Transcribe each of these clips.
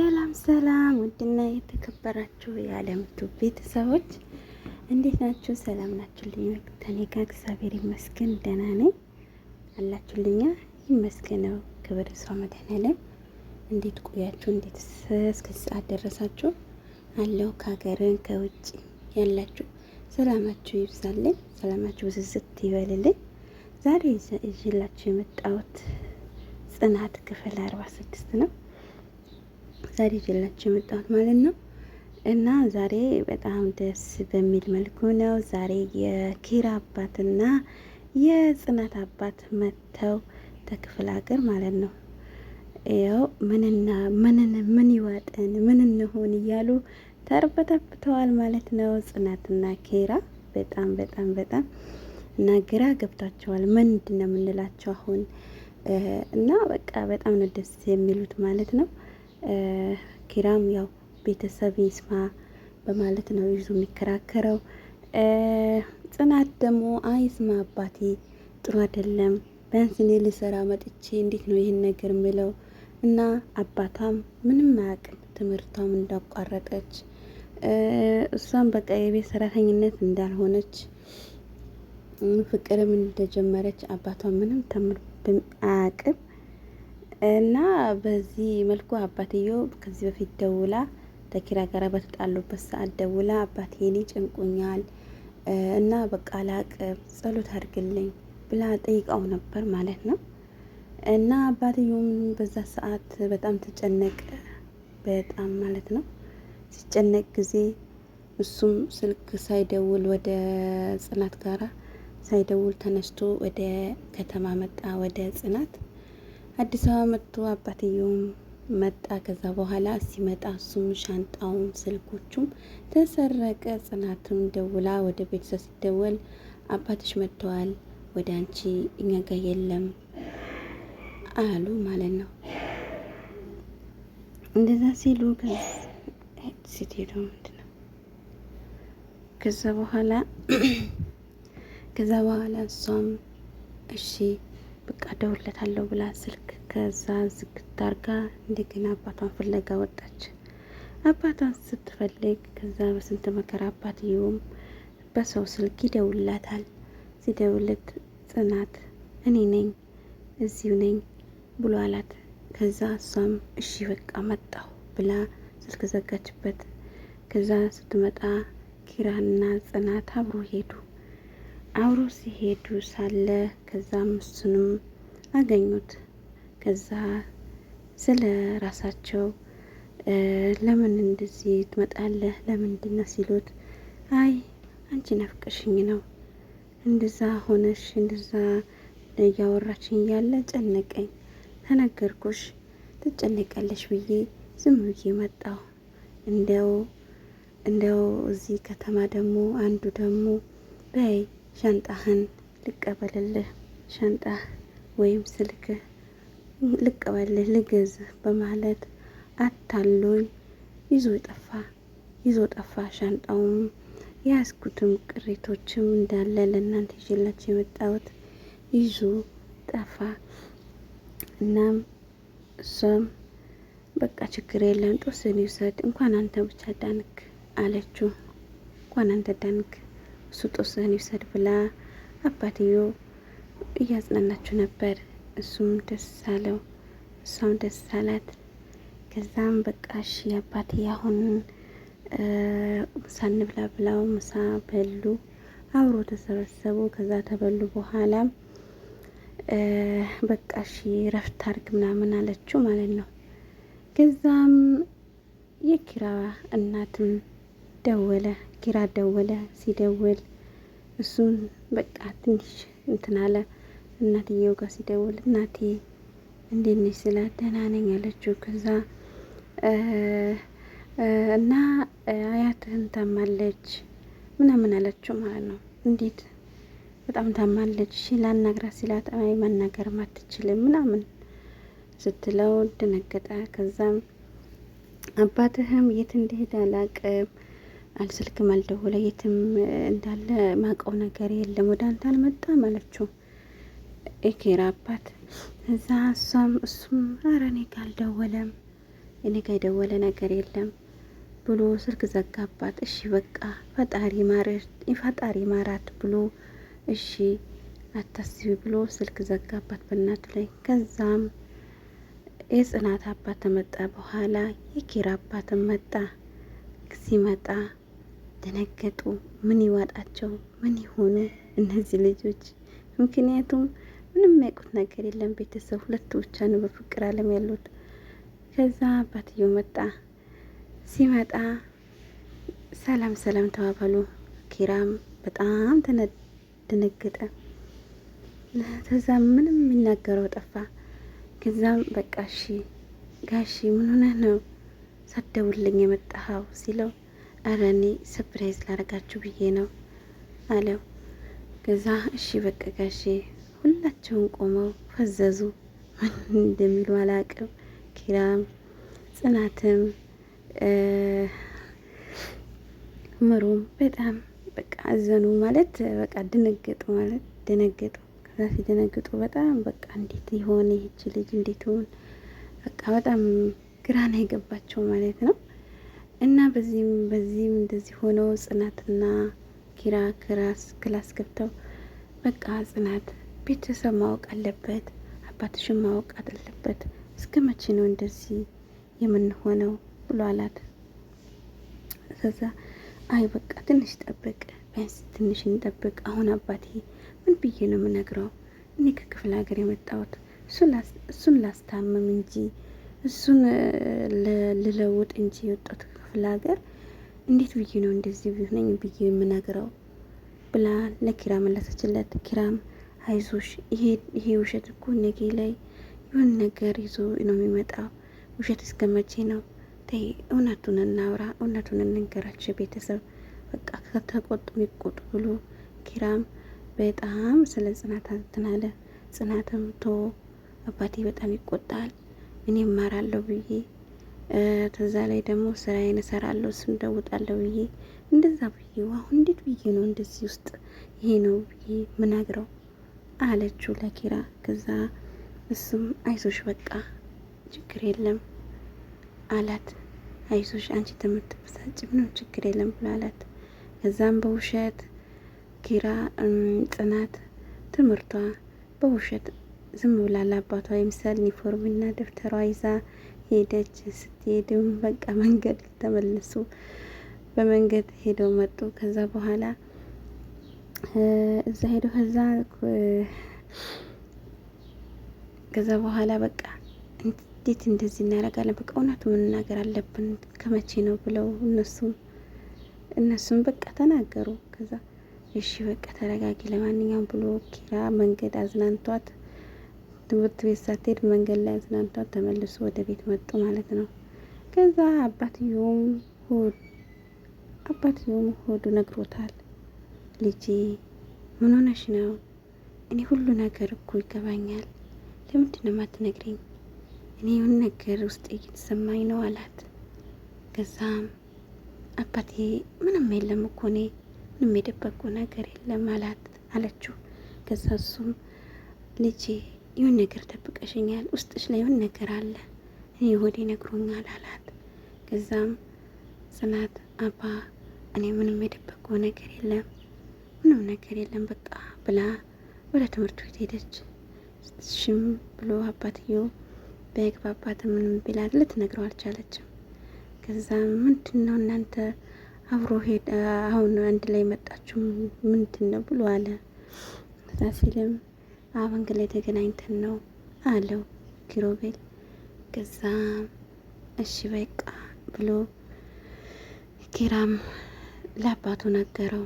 ሰላም ሰላም፣ ውድና የተከበራችሁ የዓለምቱ ቤተሰቦች እንዴት ናችሁ? ሰላም ናችሁልኝ? ከኔ ጋር እግዚአብሔር ይመስገን ደህና ነኝ። አላችሁልኛ ይመስገነው። ክብር ሰው መድኃኔዓለም። እንዴት ቆያችሁ? እንዴት እስከ ሰዓት ደረሳችሁ? አለው ከሀገርን ከውጭ ያላችሁ ሰላማችሁ ይብዛልኝ፣ ሰላማችሁ ብዝዝት ይበልልኝ። ዛሬ ይዤላችሁ የመጣሁት ጽናት ክፍል አርባ ስድስት ነው። ዛሬ ይዤላችሁ የመጣሁት ማለት ነው። እና ዛሬ በጣም ደስ በሚል መልኩ ነው። ዛሬ የኪራ አባትና የጽናት አባት መጥተው ተክፍል ሀገር ማለት ነው። ያው ምንና ምንን ምን ይዋጠን ምን እንሆን እያሉ ተርበተብተዋል ማለት ነው። ጽናትና ኪራ በጣም በጣም በጣም እና ግራ ገብቷቸዋል። ምንድን ነው የምንላቸው አሁን እና በቃ በጣም ነው ደስ የሚሉት ማለት ነው። ኪራም ያው ቤተሰብ ይስማ በማለት ነው ይዞ የሚከራከረው። ጽናት ደግሞ አይስማ አባቴ ጥሩ አይደለም፣ በንስኔ ልሰራ መጥቼ እንዴት ነው ይህን ነገር ምለው እና አባቷም ምንም አያውቅም ትምህርቷም እንዳቋረጠች እሷም በቃ የቤት ሰራተኝነት እንዳልሆነች ፍቅርም እንደጀመረች አባቷ ምንም አያውቅም። እና በዚህ መልኩ አባትዮ ከዚህ በፊት ደውላ ተኪራ ጋር በተጣሉበት ሰዓት ደውላ አባቴ እኔ ጭንቁኛል እና በቃ ላቅ ጸሎት አድርግልኝ ብላ ጠይቃው ነበር ማለት ነው። እና አባትዮም በዛ ሰዓት በጣም ተጨነቀ፣ በጣም ማለት ነው። ሲጨነቅ ጊዜ እሱም ስልክ ሳይደውል ወደ ጽናት ጋራ ሳይደውል ተነስቶ ወደ ከተማ መጣ ወደ ጽናት አዲስ አበባ መጥቶ አባትየውም መጣ። ከዛ በኋላ ሲመጣ እሱም ሻንጣውም ስልኮቹም ተሰረቀ። ጽናትም ደውላ ወደ ቤተሰብ ሲደወል አባትሽ መጥተዋል፣ ወደ አንቺ እኛ ጋር የለም አሉ ማለት ነው። እንደዛ ሲሉ ስትሄዱ ምንድን ነው ከዛ በኋላ ከዛ በኋላ እሷም እሺ በቃ ደውለታለሁ ብላ ስልክ ከዛ ዝግት አርጋ እንደገና አባቷን ፍለጋ ወጣች። አባቷን ስትፈልግ ከዛ በስንት መከራ አባትየውም በሰው ስልክ ይደውላታል። ሲደውልት ጽናት እኔ ነኝ እዚሁ ነኝ ብሎ አላት። ከዛ እሷም እሺ በቃ መጣሁ ብላ ስልክ ዘጋችበት። ከዛ ስትመጣ ኪራና ጽናት አብሮ ሄዱ። አብሮ ሲሄዱ ሳለ ከዛም እሱንም አገኙት። ከዛ ስለ ራሳቸው ለምን እንደዚህ ትመጣለህ ለምንድን ነው ሲሉት፣ አይ አንቺ ናፍቀሽኝ ነው እንደዛ ሆነሽ እንደዛ እያወራችኝ እያለ ጨነቀኝ፣ ተነገርኩሽ ትጨነቀለሽ ብዬ ዝም ብዬ መጣሁ። እንደው እንደው እዚህ ከተማ ደግሞ አንዱ ደግሞ በይ ሻንጣህን ልቀበልልህ፣ ሻንጣ ወይም ስልክ ልቀበልህ፣ ልገዝህ በማለት አታሎኝ ይዞ ጠፋ። ይዞ ጠፋ ሻንጣውም የያዝኩትም ቅሪቶችም እንዳለ ለእናንተ ይዤላችሁ የመጣሁት ይዞ ጠፋ። እናም እሷም በቃ ችግር የለም ጦስን ይውሰድ፣ እንኳን አንተ ብቻ ዳንክ አለችው። እንኳን አንተ ዳንክ እሱ ጦስህን ይውሰድ ብላ አባትዮ እያጽናናችሁ ነበር። እሱም ደስ አለው፣ እሷም ደስ አላት። ከዛም በቃሽ አባቴ አሁን ምሳ እንብላ ብላው ምሳ በሉ፣ አብሮ ተሰበሰቡ። ከዛ ተበሉ በኋላ በቃሽ ረፍት አርግ ምናምን አለችው ማለት ነው። ከዛም የኪራ እናትም ደወለ ኪራ ደወለ። ሲደውል እሱም በቃ ትንሽ እንትን አለ። እናትየው ጋር ሲደውል እናቴ እንዴት ነሽ ስላት ደህና ነኝ ያለችው። ከዛ እና አያትህን ታማለች ምናምን አለችው ማለት ነው። እንዴት በጣም ታማለች እሺ ላናግራት ሲላት አይ አትችልም ምናምን ስትለው ደነገጠ። ከዛም አባትህም የት እንደሄደ አላቅም መልደው አልደወለ የትም እንዳለ ማቀው ነገር የለም ወደ አንተ አልመጣም አለችው የኪራ አባት። እዛ እሷም እሱም ኧረ እኔ ጋ አልደወለም እኔ ጋ የደወለ ነገር የለም ብሎ ስልክ ዘጋባት። እሺ በቃ ፈጣሪ ፈጣሪ ማራት ብሎ እሺ አታስቢ ብሎ ስልክ ዘጋባት በእናቱ ላይ። ከዛም የጽናት አባት መጣ በኋላ የኪራ አባትም መጣ ሲመጣ ደነገጡ። ምን ይዋጣቸው? ምን ይሆኑ እነዚህ ልጆች? ምክንያቱም ምንም የሚያውቁት ነገር የለም። ቤተሰብ ሁለቱ ብቻ ነው በፍቅር አለም ያሉት። ከዛ አባትየው መጣ። ሲመጣ ሰላም ሰላም ተባባሉ። ኪራም በጣም ደነገጠ። ከዛ ምንም የሚናገረው ጠፋ። ከዛም በቃ እሺ ጋሺ ምን ሆነህ ነው ሳደውልኝ የመጣኸው ሲለው እረ እኔ ሰፕራይዝ ላረጋችሁ ብዬ ነው አለው። ከዛ እሺ በቃ ጋሼ ሁላቸውን ቆመው ፈዘዙ። ምን እንደሚሉ አላቅም። ኪራም ጽናትም ምሩም በጣም በቃ አዘኑ ማለት በቃ ደነገጡ ማለት ደነገጡ። ከዛ ሲደነግጡ በጣም በቃ እንዴት የሆነ ይህች ልጅ እንዴት ሆን በቃ በጣም ግራ ነው የገባቸው ማለት ነው። በዚህም በዚህም እንደዚህ ሆነው ጽናትና ኪራ ክራስ ክላስ ገብተው በቃ ጽናት ቤተሰብ ማወቅ አለበት፣ አባትሽን ማወቅ አለበት። እስከ መቼ ነው እንደዚህ የምንሆነው ብሎ አላት። ከዛ አይ በቃ ትንሽ ጠብቅ፣ ቢያንስ ትንሽ እንጠብቅ። አሁን አባቴ ምን ብዬ ነው የምነግረው? እኔ ከክፍለ ሀገር የመጣሁት እሱን ላስታምም እንጂ እሱን ልለውጥ እንጂ የወጣሁት ክፍለ ሀገር እንዴት ብዬ ነው እንደዚህ ቢሆነኝ ብዬ የምነግረው ብላ ለኪራ መለሰችለት። ኪራም አይዞሽ፣ ይሄ ውሸት እኮ ነገ ላይ ይሁን ነገር ይዞ ነው የሚመጣው። ውሸት እስከ መቼ ነው? ተይ፣ እውነቱን እናውራ፣ እውነቱን እንንገራቸው። ቤተሰብ በቃ ከተቆጡ ይቆጡ ብሎ ኪራም በጣም ስለ ጽናት ትናለ። ጽናትም ቶ አባቴ በጣም ይቆጣል እኔ እማራለሁ ብዬ ከዛ ላይ ደግሞ ስራዬን እሰራለሁ ስም ደውጣለሁ ብዬ እንደዛ ብዬ አሁን እንዴት ብዬ ነው እንደዚህ ውስጥ ይሄ ነው ብዬ ምነግረው አለችው ለኪራ። ከዛ እሱም አይዞሽ በቃ ችግር የለም አላት። አይዞሽ አንቺ ትምህርት ምንም ችግር የለም ብሎ አላት። ከዛም በውሸት ኪራ ጽናት ትምህርቷ በውሸት ዝም ብላ ለአባቷ የምሳል ዩኒፎርምና ደብተሯ ይዛ ሄደች። ስትሄድም በቃ መንገድ ተመልሱ በመንገድ ሄደው መጡ። ከዛ በኋላ እዛ ሄደው ከዛ ከዛ በኋላ በቃ እንዴት እንደዚህ እናደርጋለን፣ በቃ እውነቱ መናገር አለብን ከመቼ ነው ብለው እነሱም እነሱም በቃ ተናገሩ። ከዛ እሺ በቃ ተረጋጊ ለማንኛውም ብሎ ኪራ መንገድ አዝናንቷት ትምህርት ቤት ሳትሄድ መንገድ ላይ አዝናንቷት ተመልሶ ወደ ቤት መጡ ማለት ነው። ከዛ አባትየውም አባትየውም ሆዱ ነግሮታል። ልጄ ምን ሆነሽ ነው? እኔ ሁሉ ነገር እኮ ይገባኛል። ለምንድን ነው የማትነግሪኝ? እኔ የሆነ ነገር ውስጥ እየተሰማኝ ነው አላት። ከዛም አባቴ ምንም የለም እኮ እኔ ምንም የደበቁ ነገር የለም አላት አለችው። ከዛ እሱም ልጄ ይሁን ነገር ደብቀሽኛል፣ ውስጥሽ ላይ ይሁን ነገር አለ፣ እኔ ሆዴ ነግሮኛል አላት። ከዛም ጽናት አባ እኔ ምንም የደበቀው ነገር የለም ምንም ነገር የለም በቃ ብላ ወደ ትምህርት ቤት ሄደች። ሽም ብሎ አባትየው በግባባት ምንም ቢላት ልትነግረው አልቻለችም። ከዛ ምንድን ነው እናንተ አብሮ ሄደ አሁን አንድ ላይ መጣችሁ ምንድን ነው ብሎ አለ። ከዛ ሲልም መንገድ ላይ ተገናኝተን ነው አለው ኪሮቤል። ከዛ እሺ በቃ ብሎ ኪራም ለአባቱ ነገረው።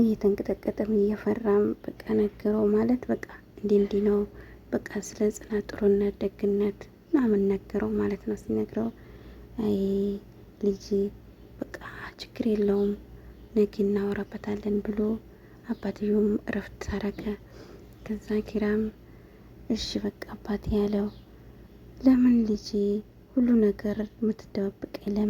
እየተንቀጠቀጠም እየፈራም በቃ ነገረው። ማለት በቃ እንዲህ እንዲህ ነው በቃ ስለ ጽናት ጥሩነት፣ ደግነት ምናምን ነገረው ማለት ነው። ሲነግረው አይ ልጅ በቃ ችግር የለውም ነገ እናወራበታለን ብሎ አባትዮም እረፍት አረገ። ከዛ ኪራም እሺ በቃ አባቴ ያለው ለምን ልጄ ሁሉ ነገር የምትደባበቀኝ ለምን